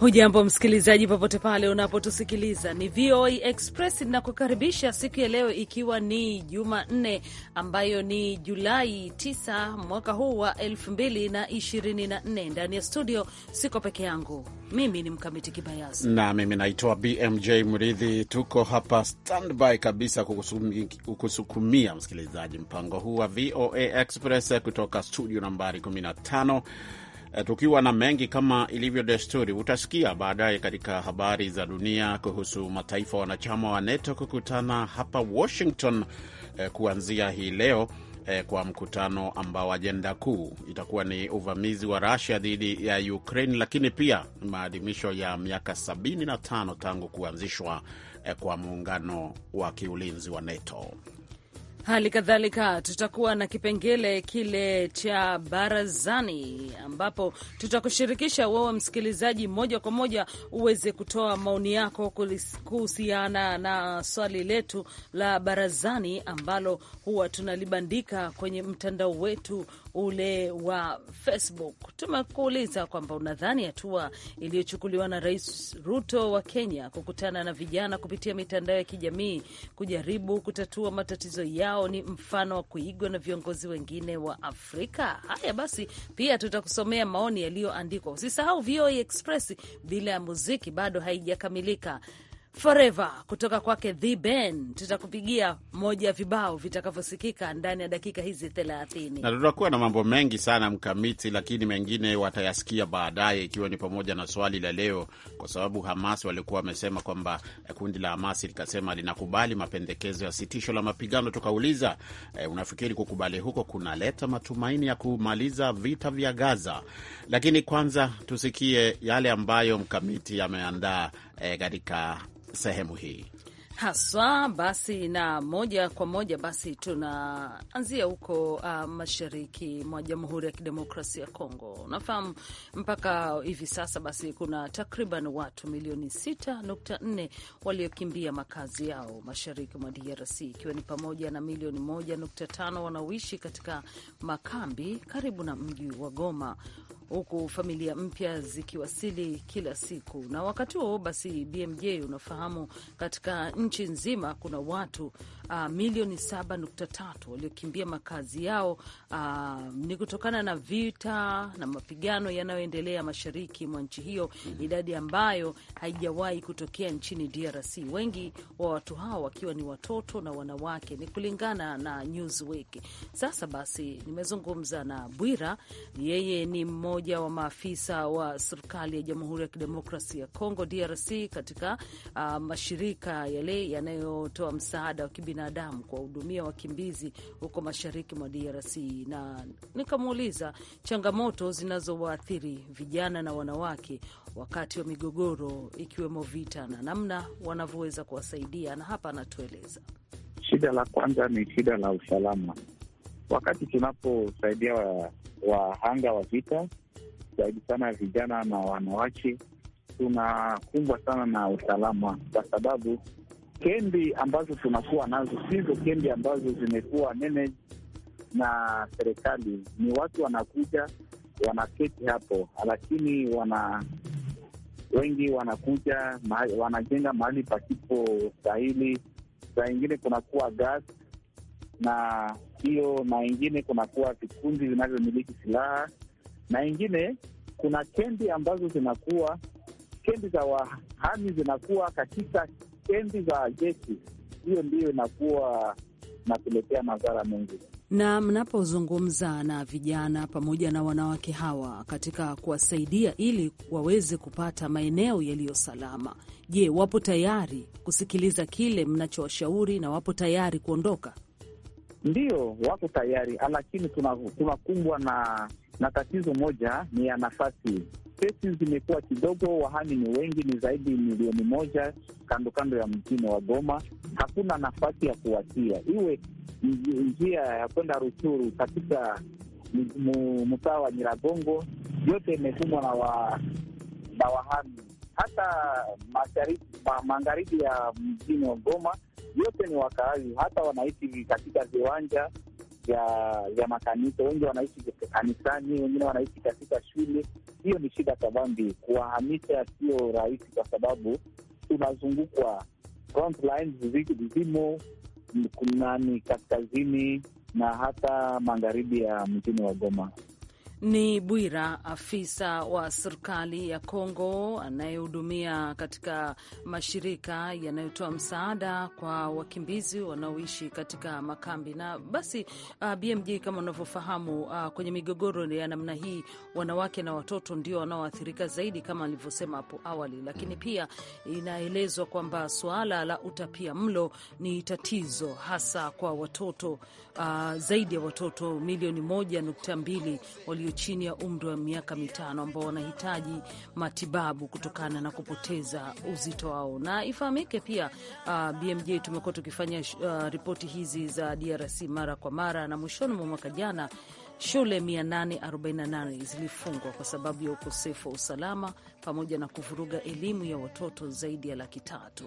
Hujambo msikilizaji, popote pale unapotusikiliza, ni VOA Express inakukaribisha siku ya leo, ikiwa ni Jumanne ambayo ni Julai 9 mwaka huu wa 2024. Ndani ya studio siko peke yangu, mimi ni Mkamiti Kibayasi na mimi naitwa BMJ Mridhi. Tuko hapa standby kabisa kukusukumia msikilizaji, mpango huu wa VOA Express kutoka studio nambari 15 Eh, tukiwa na mengi kama ilivyo desturi. Utasikia baadaye katika habari za dunia kuhusu mataifa wanachama wa NATO kukutana hapa Washington eh, kuanzia hii leo eh, kwa mkutano ambao ajenda kuu itakuwa ni uvamizi wa rasia dhidi ya Ukraine, lakini pia maadhimisho ya miaka 75 tangu kuanzishwa kwa muungano wa kiulinzi wa NATO. Hali kadhalika tutakuwa na kipengele kile cha barazani, ambapo tutakushirikisha wewe msikilizaji moja kwa moja uweze kutoa maoni yako kuhusiana na swali letu la barazani ambalo huwa tunalibandika kwenye mtandao wetu ule wa Facebook, tumekuuliza kwamba unadhani hatua iliyochukuliwa na Rais Ruto wa Kenya kukutana na vijana kupitia mitandao ya kijamii kujaribu kutatua matatizo yao ni mfano wa kuigwa na viongozi wengine wa Afrika. Haya basi, pia tutakusomea maoni yaliyoandikwa. Usisahau VOA e Express bila ya muziki bado haijakamilika. Forever kutoka kwake The Ben. Tutakupigia moja ya vibao vitakavyosikika ndani ya dakika hizi thelathini, na tutakuwa na mambo mengi sana mkamiti, lakini mengine watayasikia baadaye, ikiwa ni pamoja na swali la leo, kwa sababu Hamas walikuwa wamesema kwamba kundi la Hamas likasema linakubali mapendekezo ya sitisho la mapigano. Tukauliza eh, unafikiri kukubali huko kunaleta matumaini ya kumaliza vita vya Gaza? Lakini kwanza tusikie yale ambayo mkamiti ameandaa Eh, katika e, sehemu hii haswa basi, na moja kwa moja basi tunaanzia huko uh, mashariki mwa Jamhuri ya Kidemokrasia ya Kongo. Unafahamu, mpaka hivi sasa basi kuna takriban watu milioni 6.4 waliokimbia makazi yao mashariki mwa DRC, ikiwa ni pamoja na milioni 1.5 wanaoishi katika makambi karibu na mji wa Goma, huku familia mpya zikiwasili kila siku. Na wakati huo basi, BMJ, unafahamu katika nchi nzima kuna watu uh, milioni 7.3 waliokimbia makazi yao. Uh, ni kutokana na vita na mapigano yanayoendelea mashariki mwa nchi hiyo, mm-hmm. idadi ambayo haijawahi kutokea nchini DRC, wengi wa watu hao wakiwa ni watoto na wanawake, ni kulingana na Newsweek. Sasa basi, nimezungumza na Bwira, yeye ni mmoja mmoja wa maafisa wa serikali ya Jamhuri ya Kidemokrasia ya Kongo DRC katika uh, mashirika yale yanayotoa msaada wa kibinadamu kuwahudumia wakimbizi huko mashariki mwa DRC, na nikamuuliza changamoto zinazowaathiri vijana na wanawake wakati wa migogoro ikiwemo vita na namna wanavyoweza kuwasaidia, na hapa anatueleza. Shida la kwanza ni shida la usalama wakati tunaposaidia wahanga wa vita zaidi sana vijana na wanawake, tunakumbwa sana na usalama, kwa sababu kendi ambazo tunakuwa nazo sizo kendi ambazo zimekuwa nene na serikali. Ni watu wanakuja wanaketi hapo, lakini wana wengi wanakuja ma, wanajenga mahali pasipo stahili. Saa ingine kunakuwa gas na hiyo, na ingine kunakuwa vikundi vinavyomiliki silaha, na ingine kuna kendi ambazo zinakuwa kendi za wahami zinakuwa katika kendi za jeshi. Hiyo ndiyo inakuwa na kuletea madhara mengi. Na mnapozungumza na vijana pamoja na wanawake hawa katika kuwasaidia ili waweze kupata maeneo yaliyo salama, je, wapo tayari kusikiliza kile mnachowashauri na wapo tayari kuondoka? ndio wako tayari, lakini tunakumbwa na na tatizo moja, ni ya nafasi. Kesi zimekuwa kidogo, wahami ni wengi, ni zaidi milioni moja kando kando ya mjini wa Goma. Hakuna nafasi ya kuwatia, iwe njia ya kwenda Ruchuru katika mtaa wa Nyiragongo, yote imekumbwa na, wa, na wahami hata mashariki ma, magharibi ya mjini wa Goma yote ni wakaazi, hata wanaishi katika viwanja vya makanisa, wengi wanaishi kanisani, wengine wanaishi katika shule. Hiyo ni shida kabambi, kuwahamisha sio rahisi, kwa sababu tunazungukwa, front lines zimo kunani, kaskazini na hata magharibi ya mjini wa Goma. Ni Bwira, afisa wa serikali ya Kongo anayehudumia katika mashirika yanayotoa msaada kwa wakimbizi wanaoishi katika makambi. Na basi uh, BMJ kama unavyofahamu, uh, kwenye migogoro ya namna hii wanawake na watoto ndio wanaoathirika zaidi, kama alivyosema hapo awali, lakini pia inaelezwa kwamba suala la utapia mlo ni tatizo hasa kwa watoto uh, zaidi ya watoto milioni moja nukta mbili walio chini ya umri wa miaka mitano ambao wanahitaji matibabu kutokana na kupoteza uzito wao. Na ifahamike pia uh, BMJ tumekuwa tukifanya uh, ripoti hizi za DRC mara kwa mara na mwishoni mwa mwaka jana Shule 848 zilifungwa kwa sababu ya ukosefu wa usalama pamoja na kuvuruga elimu ya watoto zaidi ya laki tatu.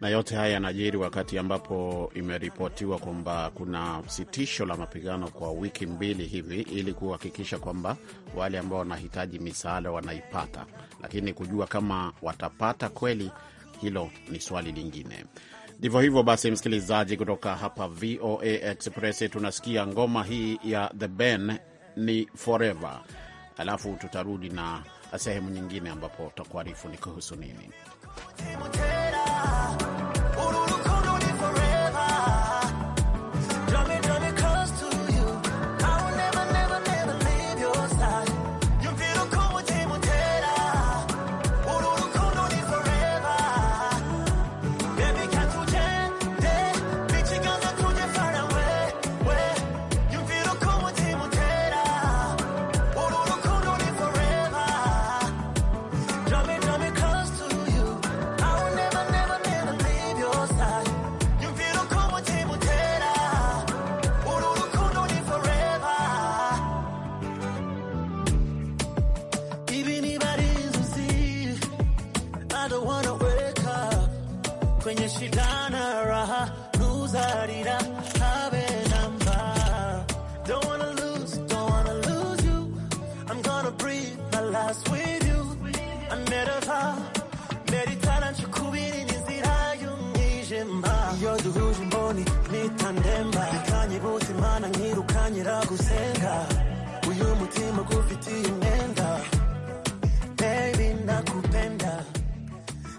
Na yote haya yanajiri wakati ambapo imeripotiwa kwamba kuna sitisho la mapigano kwa wiki mbili hivi, ili kuhakikisha kwamba wale ambao wanahitaji misaada wanaipata, lakini kujua kama watapata kweli, hilo ni swali lingine. Ndivyo hivyo basi, msikilizaji, kutoka hapa VOA Express tunasikia ngoma hii ya The Ben ni Forever, alafu tutarudi na sehemu nyingine ambapo tutakuarifu ni kuhusu nini. kwenye shidana raha nuzarira habe namba don't wanna lose don't wanna lose you I'm gonna breathe my last with you I met a amereva meritara nshukubiri n'inzira y'umwijima iyo duhuje imboni nita ndemba ikanye bose imana nkirukanye ragusenga uyu mutima gufitiye imyenda baby nakupenda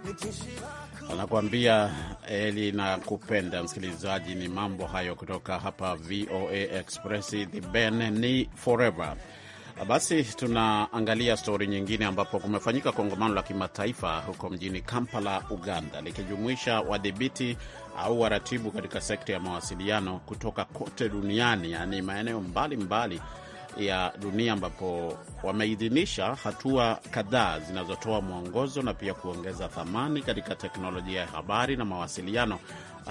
nikishiba wanakuambia eli na kupenda msikilizaji. Ni mambo hayo kutoka hapa VOA Express, the ben ni forever. Basi tunaangalia stori nyingine ambapo kumefanyika kongamano la kimataifa huko mjini Kampala, Uganda, likijumuisha wadhibiti au waratibu katika sekta ya mawasiliano kutoka kote duniani, yaani maeneo mbalimbali mbali ya dunia ambapo wameidhinisha hatua kadhaa zinazotoa mwongozo na pia kuongeza thamani katika teknolojia ya habari na mawasiliano,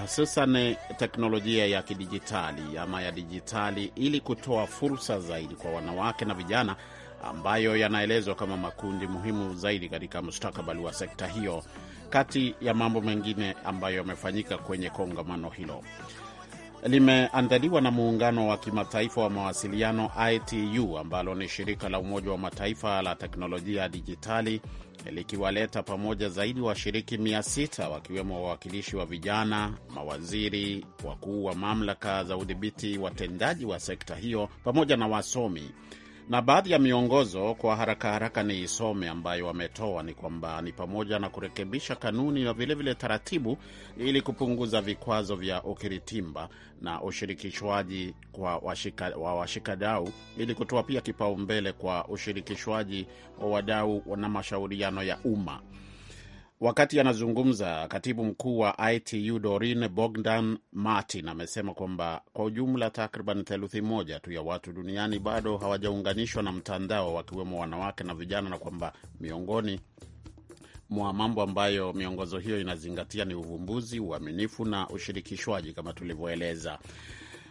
hususan teknolojia ya kidijitali ama ya dijitali, ili kutoa fursa zaidi kwa wanawake na vijana, ambayo yanaelezwa kama makundi muhimu zaidi katika mustakabali wa sekta hiyo, kati ya mambo mengine ambayo yamefanyika kwenye kongamano hilo limeandaliwa na muungano wa kimataifa wa mawasiliano ITU ambalo ni shirika la Umoja wa Mataifa la teknolojia ya dijitali likiwaleta pamoja zaidi washiriki 600 wakiwemo wawakilishi wa vijana, mawaziri, wakuu wa mamlaka za udhibiti watendaji wa sekta hiyo pamoja na wasomi na baadhi ya miongozo kwa haraka haraka ni isome ambayo wametoa ni kwamba ni pamoja na kurekebisha kanuni na vilevile taratibu ili kupunguza vikwazo vya ukiritimba na ushirikishwaji kwa washika, wa washikadau ili kutoa pia kipaumbele kwa ushirikishwaji wa wadau na mashauriano ya umma. Wakati anazungumza katibu mkuu wa ITU dorin Bogdan Martin amesema kwamba kwa ujumla takriban theluthi moja tu ya watu duniani bado hawajaunganishwa na mtandao, wakiwemo wanawake na vijana, na kwamba miongoni mwa mambo ambayo miongozo hiyo inazingatia ni uvumbuzi, uaminifu na ushirikishwaji kama tulivyoeleza.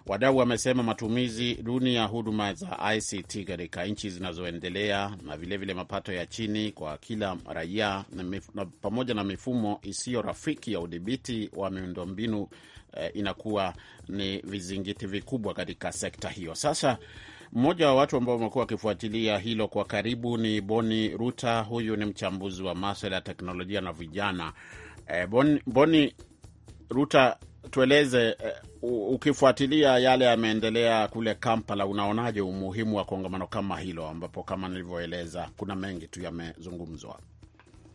Wadau wamesema matumizi duni ya huduma za ICT katika nchi zinazoendelea na vilevile vile mapato ya chini kwa kila raia na pamoja na mifumo isiyo rafiki ya udhibiti wa miundombinu eh, inakuwa ni vizingiti vikubwa katika sekta hiyo. Sasa mmoja wa watu ambao wamekuwa wakifuatilia hilo kwa karibu ni Boni Ruta. Huyu ni mchambuzi wa maswala ya teknolojia na vijana. Eh, Boni, Boni Ruta, tueleze uh, ukifuatilia yale yameendelea kule Kampala, unaonaje umuhimu wa kongamano kama hilo ambapo kama nilivyoeleza kuna mengi tu yamezungumzwa?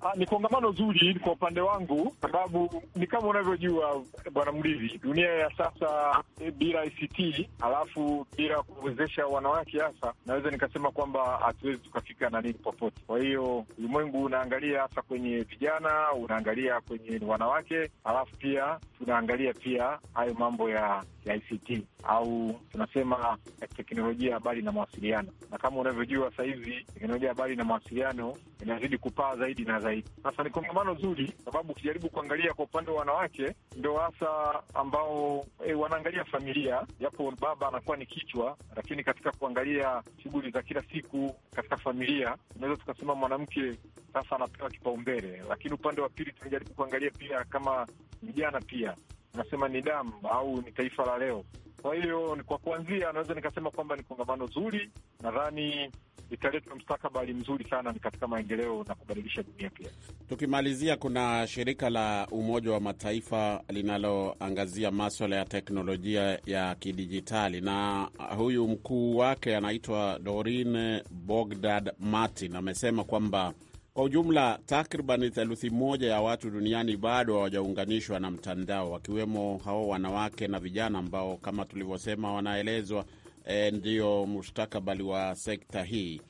Ah, ni kongamano zuri kwa upande wangu, sababu ni kama unavyojua bwana Mlizi, dunia ya sasa e, bila ICT alafu bila kuwezesha wanawake hasa, naweza nikasema kwamba hatuwezi tukafika na nini popote. Kwa hiyo ulimwengu unaangalia hasa kwenye vijana, unaangalia kwenye wanawake, alafu pia tunaangalia pia hayo mambo ya ya ICT au tunasema teknolojia habari na mawasiliano, na kama unavyojua sahizi teknolojia habari na mawasiliano inazidi kupaa zaidi na zaidi zaidi. Sasa ni kongamano zuri, sababu ukijaribu kuangalia kwa upande wa wanawake, ndo hasa ambao e, wanaangalia familia, japo baba anakuwa ni kichwa, lakini katika kuangalia shughuli za kila siku katika familia, unaweza tukasema mwanamke sasa anapewa kipaumbele. Lakini upande wa pili tunajaribu kuangalia pia kama vijana pia, nasema ni damu au ni taifa la leo kwa hiyo kwa kuanzia, naweza nikasema kwamba ni kongamano zuri, nadhani italeta mstakabali mzuri sana ni katika maendeleo na kubadilisha dunia pia. Tukimalizia, kuna shirika la Umoja wa Mataifa linaloangazia maswala ya teknolojia ya kidijitali, na huyu mkuu wake anaitwa Dorine Bogdad Martin amesema kwamba kwa ujumla takriban theluthi moja ya watu duniani bado hawajaunganishwa na mtandao, wakiwemo hao wanawake na vijana ambao kama tulivyosema wanaelezwa e, ndio mustakabali wa sekta hii.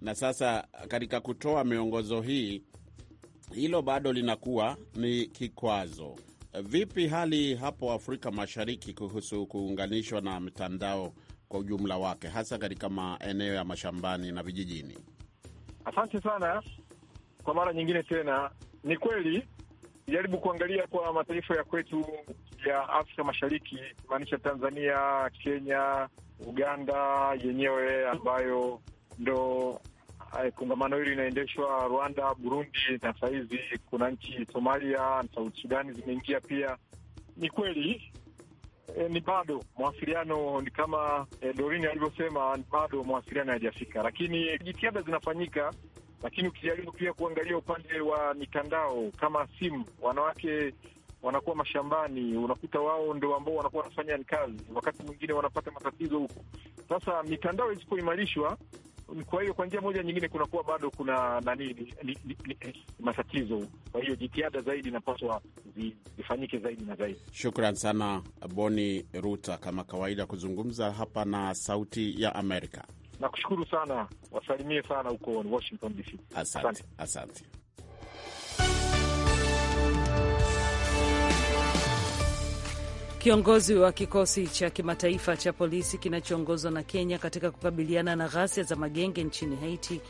Na sasa katika kutoa miongozo hii, hilo bado linakuwa ni kikwazo. Vipi hali hapo Afrika Mashariki kuhusu kuunganishwa na mtandao kwa ujumla wake, hasa katika maeneo ya mashambani na vijijini? Asante sana kwa mara nyingine tena. Ni kweli jaribu kuangalia kwa mataifa ya kwetu ya Afrika Mashariki, maanisha Tanzania, Kenya, Uganda yenyewe ambayo ndo eh, kongamano hili linaendeshwa, Rwanda, Burundi na sahizi kuna nchi Somalia, South Sudani zimeingia pia. Ni kweli e, ni bado mawasiliano ni kama e, eh, Dorini alivyosema, bado mawasiliano hayajafika, lakini jitihada zinafanyika lakini ukijaribu pia kuangalia upande wa mitandao kama simu, wanawake wanakuwa mashambani, unakuta wao ndo ambao wanakuwa wanafanya kazi, wakati mwingine wanapata matatizo huko. Sasa mitandao isipoimarishwa kwa hiyo kwa njia moja nyingine, kunakuwa bado kuna nani ni, ni, ni, ni, matatizo. Kwa hiyo jitihada zaidi inapaswa zifanyike zaidi na zaidi. Shukran sana Boni Ruta, kama kawaida, kuzungumza hapa na Sauti ya Amerika. Nakushukuru sana, wasalimie sana huko Washington DC. Asante, asante. Kiongozi wa kikosi cha kimataifa cha polisi kinachoongozwa na Kenya katika kukabiliana na ghasia za magenge nchini Haiti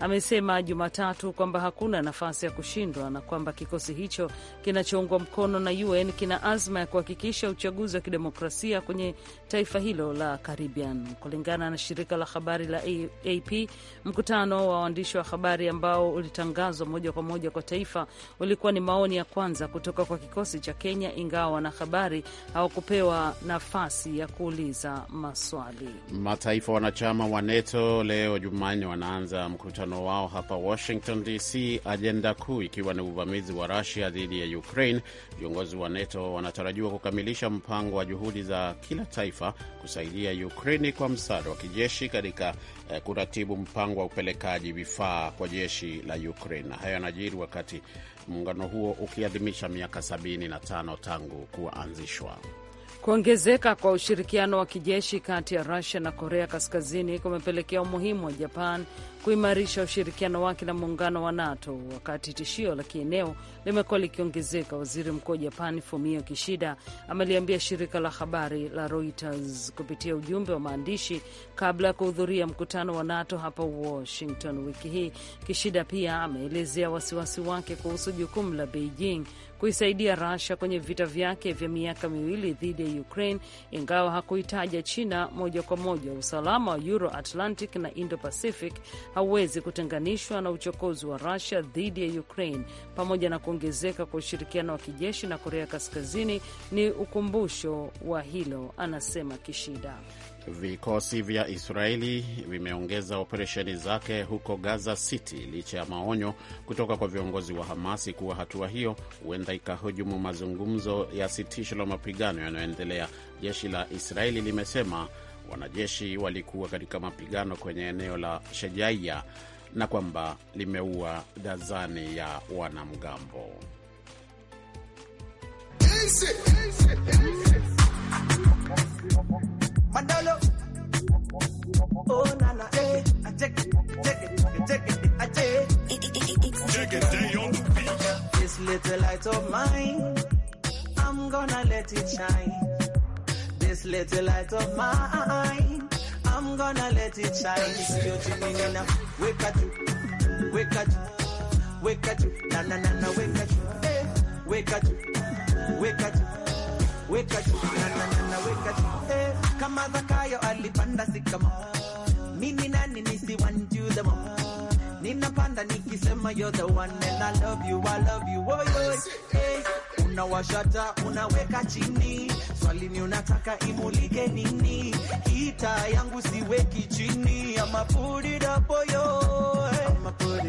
amesema Jumatatu kwamba hakuna nafasi ya kushindwa na kwamba kikosi hicho kinachoungwa mkono na UN kina azma ya kuhakikisha uchaguzi wa kidemokrasia kwenye taifa hilo la Caribbean. Kulingana na shirika la habari la AP, mkutano wa waandishi wa habari ambao ulitangazwa moja kwa moja kwa taifa ulikuwa ni maoni ya kwanza kutoka kwa kikosi cha Kenya, ingawa wanahabari hawakupewa nafasi ya kuuliza maswali. Mataifa wanachama wa NATO leo Jumanne wanaanza mkutano mkutano wao hapa Washington DC, ajenda kuu ikiwa ni uvamizi wa Rusia dhidi ya Ukraine. Viongozi wa NATO wanatarajiwa kukamilisha mpango wa juhudi za kila taifa kusaidia Ukraini kwa msaada wa kijeshi katika eh, kuratibu mpango wa upelekaji vifaa kwa jeshi la Ukraine. Hayo yanajiri wakati muungano huo ukiadhimisha miaka 75 tangu kuanzishwa. Kuongezeka kwa ushirikiano wa kijeshi kati ya Rusia na Korea Kaskazini kumepelekea umuhimu wa Japan kuimarisha ushirikiano wake na muungano wa NATO wakati tishio la kieneo limekuwa likiongezeka. Waziri Mkuu wa Japan Fumio Kishida ameliambia shirika la habari la Reuters kupitia ujumbe wa maandishi kabla ya kuhudhuria mkutano wa NATO hapa Washington wiki hii. Kishida pia ameelezea wasiwasi wake kuhusu jukumu la Beijing kuisaidia Russia kwenye vita vyake vya miaka miwili dhidi ya Ukraine, ingawa hakuitaja China moja kwa moja. Usalama wa Euro Atlantic na Indo Pacific hauwezi kutenganishwa na uchokozi wa Rusia dhidi ya Ukraine, pamoja na kuongezeka kwa ushirikiano wa kijeshi na Korea Kaskazini ni ukumbusho wa hilo, anasema Kishida. Vikosi vya Israeli vimeongeza operesheni zake huko Gaza City licha ya maonyo kutoka kwa viongozi wa Hamasi kuwa hatua hiyo huenda ikahujumu mazungumzo ya sitisho la mapigano yanayoendelea. Jeshi la Israeli limesema wanajeshi walikuwa katika mapigano kwenye eneo la shejaia na kwamba limeua dazani ya wanamgambo. This little light of mine, I'm gonna let it shine this little light of mine. I'm gonna let it shine. If you're tuning in now, wake up, wake up, wake up, na na na na, wake up, hey. Eh, wake up, wake up, wake up, na na na na, wake up, hey. Eh, kama Zakayo alipanda sikama, mimi nani nisiwanjudemo ninapanda nikisema you're the one and I love you, I love you, oh, oh, hey unawashata unaweka chini. Swali ni unataka imulike nini? Kita yangu siweki chini, ama put it up for oh, you. put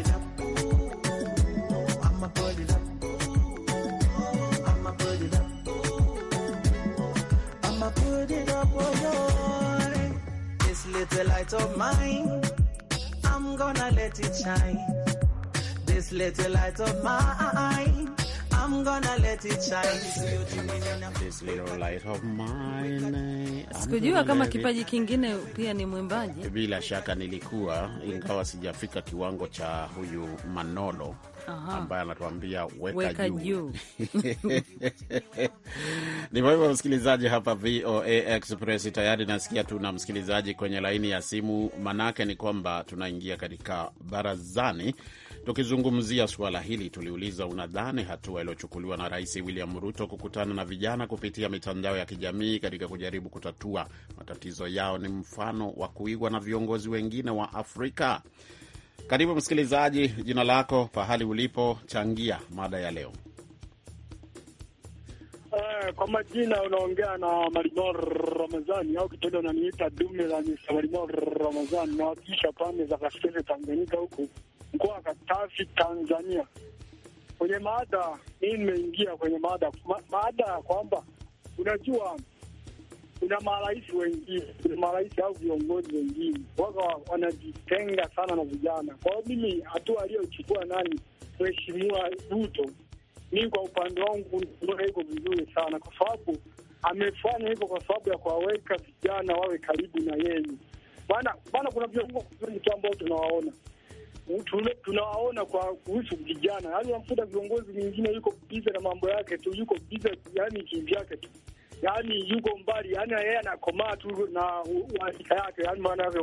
Little light of mine, I'm gonna let it shine. This little light of mine I'm gonna let it shine. Little light of mine. Sikujua kama kipaji kingine pia ni mwimbaji. Bila shaka nilikuwa, ingawa sijafika kiwango cha huyu Manolo ambaye anatuambia weka, weka juu ni hivyo. Msikilizaji hapa VOA Express, tayari nasikia tuna msikilizaji kwenye laini ya simu, manake ni kwamba tunaingia katika barazani Tukizungumzia suala hili, tuliuliza unadhani hatua iliyochukuliwa na Rais William Ruto kukutana na vijana kupitia mitandao ya kijamii katika kujaribu kutatua matatizo yao ni mfano wa kuigwa na viongozi wengine wa Afrika? Karibu msikilizaji, jina lako, pahali ulipo, changia mada ya leo. Eh, kwa majina unaongea na marimor Ramazani au kitendo unaniita dume la Mr. Ramazani, nawakilisha pande za kaskazini Tanganyika huku mkoa wa Katavi, Tanzania. Kwenye maada mimi nimeingia kwenye maada ma, maada ya kwamba unajua kuna marais wengine, kuna marais au viongozi wengine waka wanajitenga sana na vijana. Kwa hiyo mimi hatua aliyochukua nani, Mheshimiwa Ruto, mimi kwa upande wangu naona iko vizuri sana, kwa sababu amefanya hivyo kwa sababu ya kuwaweka vijana wawe karibu na yeye, maana kuna viongozi wengi tu ambao tunawaona tunawaona kwa kuhusu vijana, yaani wamfuta viongozi mwingine, yuko biza na mambo yake tu, yuko bize yani kivyake tu, yani yuko mbali, yani yeye anakomaa tu na uhakika yake, yani maana yake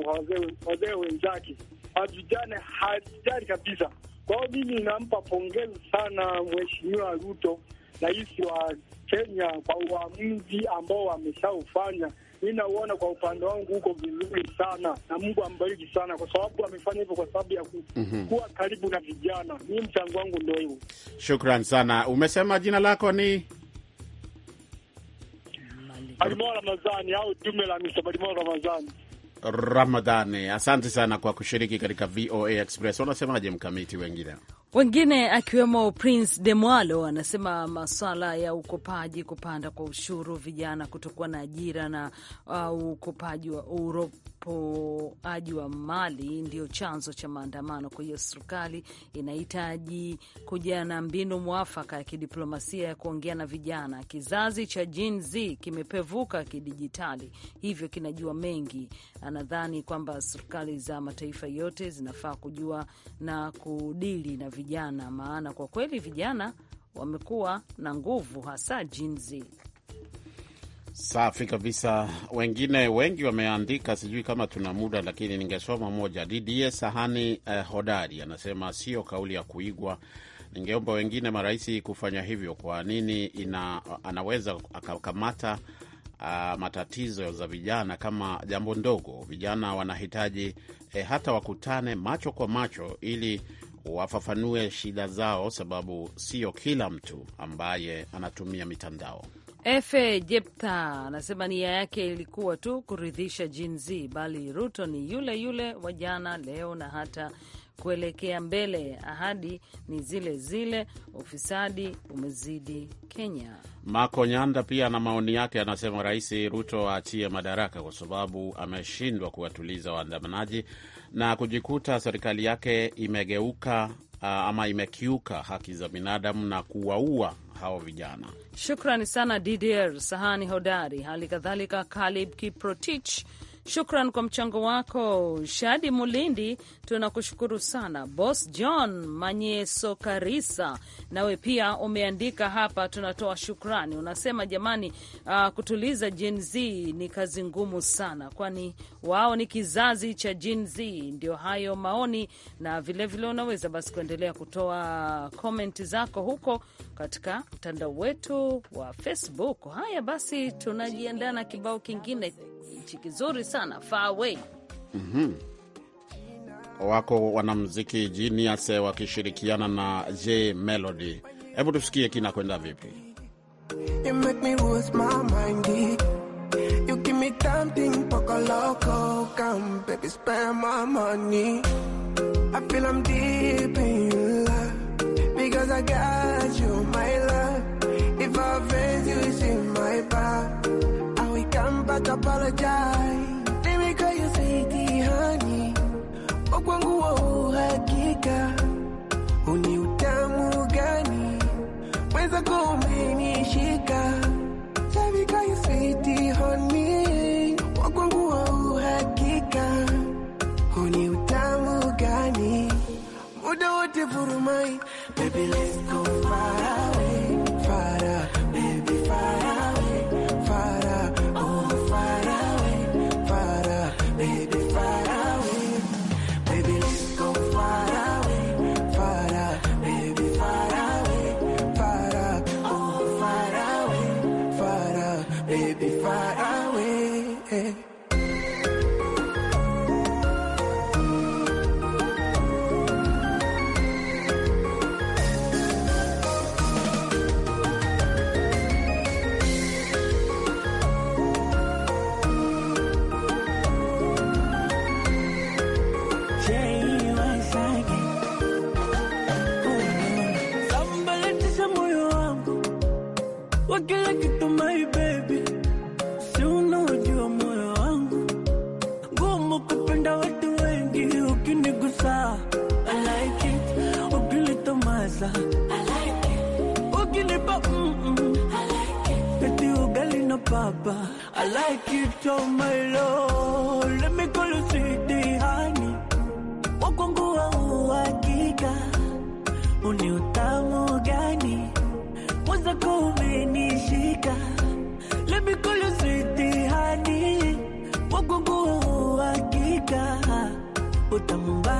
wazee wenzake vijana hajali kabisa. Kwa hiyo mimi nampa pongezi sana Mheshimiwa Ruto, rais wa Kenya, kwa uamuzi ambao wameshaufanya mi nauona kwa upande wangu huko vizuri sana, na Mungu ambariki sana, kwa sababu amefanya hivyo kwa sababu ya ku, mm -hmm. kuwa karibu na vijana. Mi mchango wangu ndio hiyo. Shukran sana. Umesema jina lako ni Malimao Ramadhani au Jume la Misa Malimao Ramadhani Ramadhani. Asante sana kwa kushiriki katika VOA Express. Wanasemaje mkamiti wengine? Wengine akiwemo Prince Demwalo anasema maswala ya ukopaji, kupanda kwa ushuru, vijana kutokuwa na ajira na uh, ukopaji wa uropoaji wa mali ndio chanzo cha maandamano. Kwa hiyo serikali inahitaji kuja na mbinu mwafaka ya kidiplomasia ya kuongea na vijana. Kizazi cha Gen Z kimepevuka kidijitali, hivyo kinajua mengi. Anadhani kwamba serikali za mataifa yote zinafaa kujua na kudili na vijana vijana, maana kwa kweli vijana wamekuwa na nguvu, hasa jinzi. Safi kabisa. Wengine wengi wameandika, sijui kama tuna muda, lakini ningesoma moja. Dda Sahani eh, hodari anasema sio kauli ya kuigwa. Ningeomba wengine marais kufanya hivyo. Kwa nini ina, anaweza akakamata Uh, matatizo za vijana kama jambo ndogo. Vijana wanahitaji eh, hata wakutane macho kwa macho ili wafafanue shida zao, sababu sio kila mtu ambaye anatumia mitandao. Efe Jepta anasema nia yake ilikuwa tu kuridhisha Gen Z, bali Ruto ni yule yule wa jana, leo na hata kuelekea mbele. Ahadi ni zile zile, ufisadi umezidi Kenya. Mako Nyanda pia na maoni yake, anasema Rais Ruto aachie madaraka kwa sababu ameshindwa kuwatuliza waandamanaji na kujikuta serikali yake imegeuka uh, ama imekiuka haki za binadamu na kuwaua hao vijana. Shukrani sana DDR Sahani Hodari, hali kadhalika Kalib Kiprotich Shukran kwa mchango wako Shadi Mulindi, tunakushukuru sana. Bos John Manyeso Karisa, nawe pia umeandika hapa, tunatoa shukrani. Unasema jamani, uh, kutuliza Gen Z ni kazi ngumu sana, kwani wao ni kizazi cha Gen Z. Ndio hayo maoni, na vilevile vile unaweza basi kuendelea kutoa komenti zako huko katika mtandao wetu wa Facebook. Haya basi, tunajiandaa na kibao kingine hichi kizuri sana far away. mm -hmm. Wako wanamziki Genius wakishirikiana na J Melody. Hebu tusikie kina kwenda vipi. zako umenishika honi wakwangu wa uhakika honi utamu vurumai baby let's go far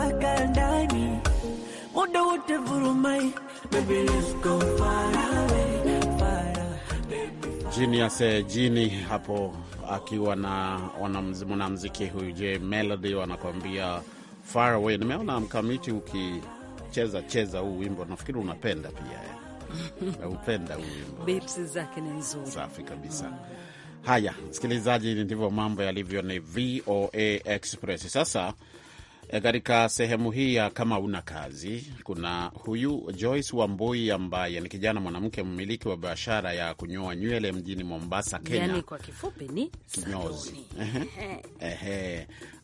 mpaka ndani, muda wote vurumai. Jini eh, hapo akiwa na mwanamziki huyu J Melody wanakuambia far away. Nimeona mkamiti ukicheza cheza huu wimbo, nafikiri unapenda pia eh. upenda huu wimbo. Beats zake ni nzuri, safi kabisa. mm. Haya msikilizaji, ndivyo mambo yalivyo. Ni VOA Express sasa Eh, katika sehemu hii ya kama una kazi, kuna huyu Joyce Wambui ambaye ni kijana mwanamke mmiliki wa biashara ya kunyoa nywele mjini Mombasa, Kenya. Yani kwa kifupi ni kinyozi.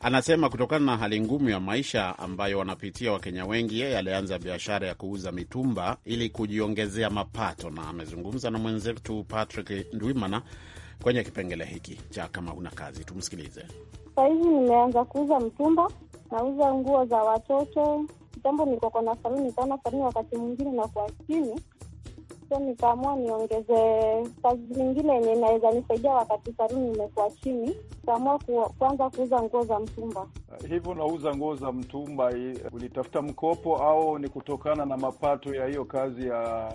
anasema kutokana na hali ngumu ya maisha ambayo wanapitia Wakenya wengi, yeye alianza biashara ya kuuza mitumba ili kujiongezea mapato, na amezungumza na mwenzetu Patrick Ndwimana kwenye kipengele hiki cha kama una kazi. Tumsikilize. Sahizi nimeanza kuuza mtumba nauza nguo za watoto kitambo. nikoko na saluni, nikaona saluni wakati mwingine na kwa chini, so nikaamua niongeze kazi zingine yenye inaweza nisaidia wakati saluni imekuwa chini. Nikaamua kuanza kuuza nguo za mtumba. Uh, Hivyo unauza nguo za mtumba, ulitafuta mkopo au ni kutokana na mapato ya hiyo kazi ya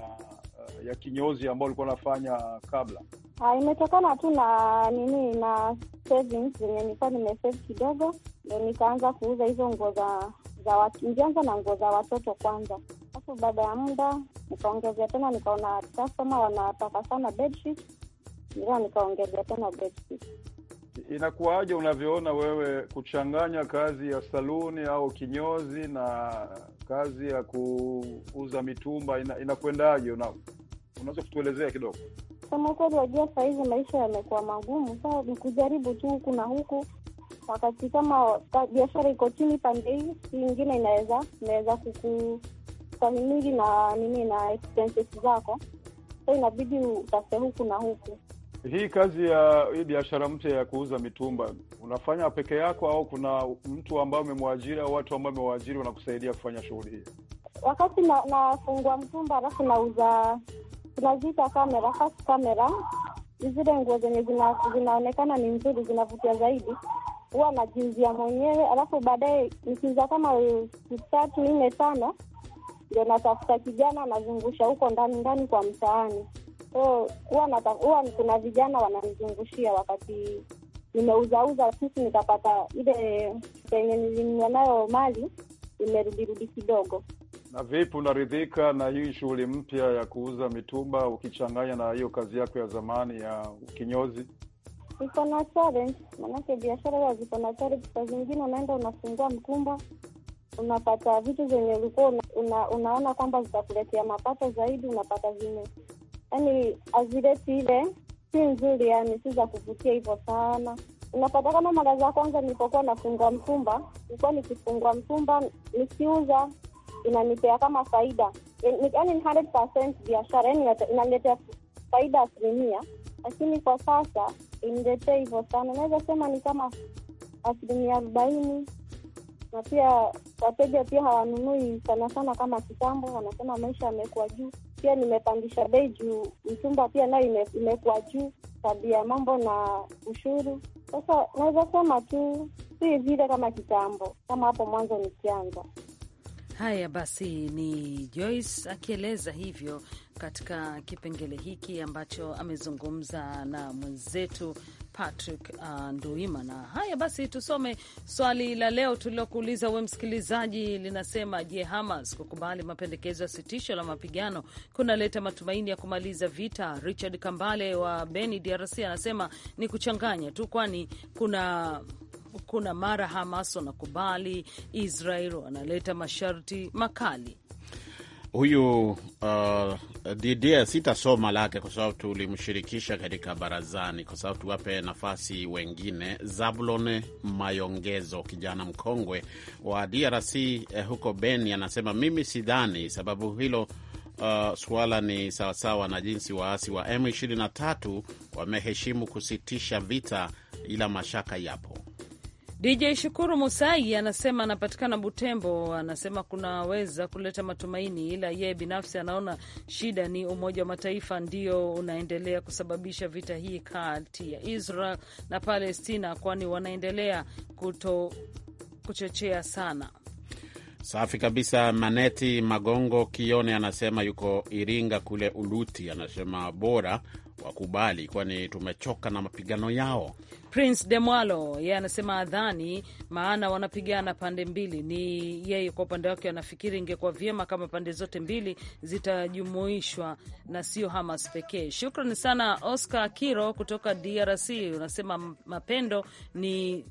ya kinyozi ambao ulikuwa unafanya kabla? Ha, ah, imetokana tu na nini na savings zenye nilikuwa nimesave kidogo, ndo nikaanza kuuza hizo nguo za za nilianza na nguo za watoto kwanza, alafu baada ya muda nikaongezea tena, nikaona customer wanataka sana bedsheet, ndio nikaongezea tena bedsheet. Inakuwaje unavyoona wewe kuchanganya kazi ya saluni au kinyozi na kazi ya kuuza mitumba ina, inakwendaje? Unaweza kutuelezea kidogo? Kama kweli, wajua, saa hizi maisha yamekuwa magumu, saa ni kujaribu tu huku na huku wakati kama biashara iko chini pande hii si ingine inaweza inaweza kukusamimili na nini na expenses zako, so inabidi utafute huku na huku. Hii kazi ya hii biashara mpya ya kuuza mitumba unafanya peke yako au kuna mtu ambaye umemwajiri au watu ambao umewaajiri wanakusaidia kufanya shughuli hii? Wakati nafungua na mtumba, alafu nauza, tunaziita kamera, first kamera, zile nguo zenye zinaonekana ni nzuri, zinavutia zaidi, huwa najiuzia mwenyewe, alafu baadaye nikiuza kama tatu nne tano, ndio natafuta kijana, anazungusha huko ndani ndani kwa mtaani so oh, huwa kuna vijana wananizungushia wakati nimeuzauza sisi, nikapata ile penye nilinunua nayo mali imerudirudi kidogo. Na vipi, unaridhika na hii shughuli mpya ya kuuza mitumba ukichanganya na hiyo kazi yako ya zamani ya kinyozi? Iko na challenge, manake biashara huwa ziko na challenge. Saa zingine unaenda unafungua mtumba, unapata vitu zenye ulikuwa una, una, unaona kwamba zitakuletea mapato zaidi, unapata vime yani azileti ile si nzuri, yani si za kuvutia hivyo sana. Unapata kama mara za kwanza nilipokuwa nafungua mtumba, nilikuwa nikifungua mtumba nikiuza inanipea kama faida yani 100% biashara, yani inaletea faida asilimia, lakini kwa sasa inletea hivyo sana, naweza sema ni kama asilimia arobaini. Na pia wateja pia hawanunui sana sana kama kitambo, wanasema maisha yamekuwa juu pia nimepandisha bei juu mchumba pia nayo imekuwa juu, tabia mambo na ushuru. Sasa naweza sema tu si vile kama kitambo, kama hapo mwanzo nikianza. Haya basi, ni Joyce akieleza hivyo katika kipengele hiki ambacho amezungumza na mwenzetu Patrick uh, Nduimana. Haya basi, tusome swali la leo tulilokuuliza we msikilizaji, linasema: Je, Hamas kukubali mapendekezo ya sitisho la mapigano kunaleta matumaini ya kumaliza vita? Richard Kambale wa Beni, DRC, anasema ni kuchanganya tu, kwani kuna kuna mara Hamas wanakubali, Israel wanaleta masharti makali huyu uh, Didier sitasoma lake kwa sababu tulimshirikisha katika barazani, kwa sababu tuwape nafasi wengine. Zablon Mayongezo, kijana mkongwe wa DRC eh, huko Beni, anasema mimi sidhani sababu hilo Uh, suala ni sawasawa na jinsi waasi wa M23 wameheshimu kusitisha vita, ila mashaka yapo. DJ Shukuru Musai anasema anapatikana Butembo, anasema kunaweza kuleta matumaini, ila yeye binafsi anaona shida ni Umoja wa Mataifa ndio unaendelea kusababisha vita hii kati ya Israel na Palestina, kwani wanaendelea kuto kuchochea sana. Safi kabisa. Maneti Magongo Kione anasema yuko Iringa kule Uluti, anasema bora wakubali, kwani tumechoka na mapigano yao. Prince Demwalo yeye anasema adhani, maana wanapigana pande mbili. Ni yeye kwa upande wake anafikiri ingekuwa vyema kama pande zote mbili zitajumuishwa na sio Hamas pekee. Shukrani sana Oscar Kiro kutoka DRC, unasema mapendo ni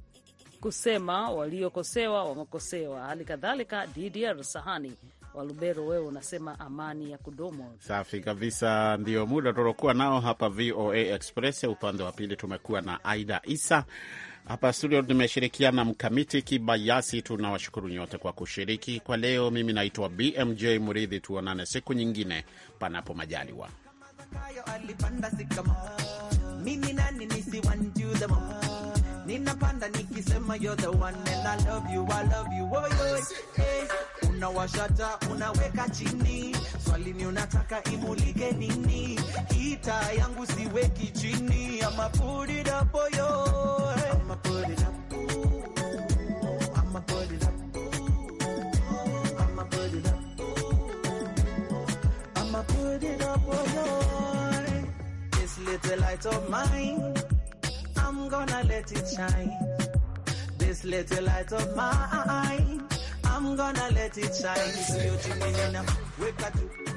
kusema waliokosewa wamekosewa. Hali kadhalika Didier Sahani Walubero, wewe unasema amani ya kudumu. Safi kabisa, ndio muda tulokuwa nao hapa VOA Express. Upande wa pili tumekuwa na Aida Isa hapa studio, tumeshirikiana Mkamiti Kibayasi. Tunawashukuru nyote kwa kushiriki kwa leo. Mimi naitwa BMJ Muridhi, tuonane siku nyingine, panapo majaliwa. ninapanda nikisema you're the one and I love you, I love you, oh, oh, hey unawashata unaweka chini, swali ni unataka imulike nini? Kita yangu siweki chini, ama put it up yo, ama put it up ama light of mine, I'm gonna let it shine, this little light of mine I'm gonna let it shine.